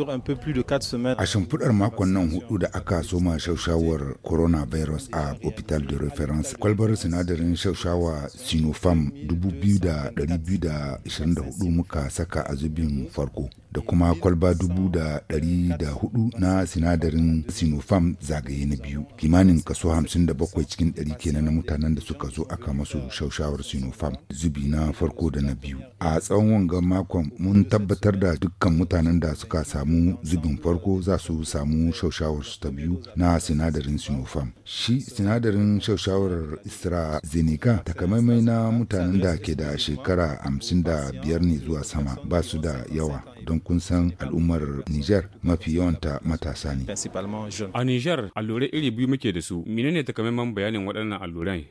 A shimfiɗar makon nan hudu da aka soma shaushawar coronavirus a hospital de reference kwalbar sinadarin shaushawa sinopharm 2224 muka saka a zubin farko da kuma kwalba dubu da ɗari da hudu na sinadarin Sinofam zagaye na biyu kimanin kaso hamsin da bakwai cikin ɗari kenan na mutanen da suka zo aka masu shaushawar Sinofam, zubi na farko da na biyu a tsawon wangan makon mun tabbatar da dukkan mutanen da suka samu zubin farko za su samu shaushawar su ta biyu na sinadarin Sinofam. shi sinadarin shaushawar AstraZeneca takamaimai na mutanen da ke da shekara hamsin da biyar ne zuwa sama ba su da yawa don kun san al'ummar Nijar mafi yawanta matasa ne. A Nijar allurai iri biyu muke da su, menene takamaiman bayanin waɗannan allurai?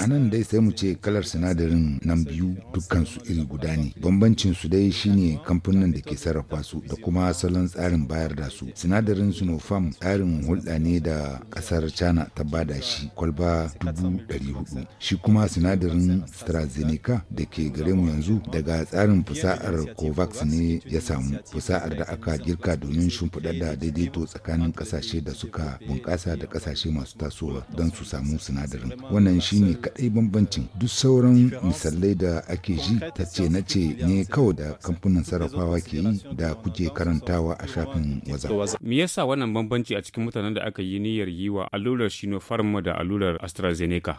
A nan dai sai mu ce kalar sinadarin nan biyu dukkansu iri guda ne. Bambancin su dai shine kamfanin da ke sarrafa su da kuma salon tsarin bayar da su. Sinadarin Sinopharm tsarin hulɗa ne da ƙasar China ta bada shi kwalba dubu ɗari hudu. Shi kuma sinadarin AstraZeneca da ke gare mu yanzu daga tsarin fusa'ar COVAX ne ya samu fasahar da aka girka domin shimfiɗa da daidaito tsakanin ƙasashe da suka bunƙasa da ƙasashe masu tasowa don su samu sinadarin wannan shine kaɗai bambancin duk sauran misalai da ake ji ta ce na ce ne kawai da kamfanin sarrafawa ke yi da kuke karantawa a shafin waza me yasa wannan bambanci a cikin mutanen da aka yi niyyar yi wa allurar sinopharm da allurar astrazeneca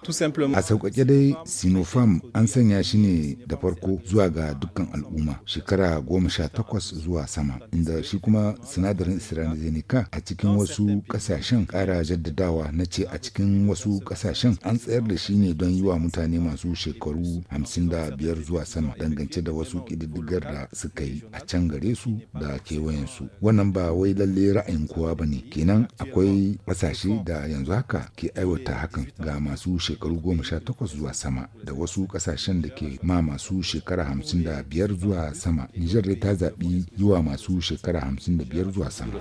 a sauƙaƙe dai sinopharm an sanya shi ne da farko zuwa ga dukkan al'umma shekara goma goma sha takwas zuwa sama inda shi kuma sinadarin AstraZeneca a cikin wasu kasashen ƙara jaddadawa na ce a cikin wasu kasashen an tsayar da shi ne don yi wa mutane masu shekaru hamsin da biyar zuwa sama dangance da wasu kididdigar da suka yi a can gare su da kewayensu wannan ba wai lalle ra'ayin kowa ba ne kenan akwai ƙasashe da yanzu haka ke aiwata hakan ga masu shekaru goma sha takwas zuwa sama da wasu kasashen da ke ma masu shekara hamsin da biyar zuwa sama Nijar dai ta zaɓi yiwa masu shekara 55 zuwa sama.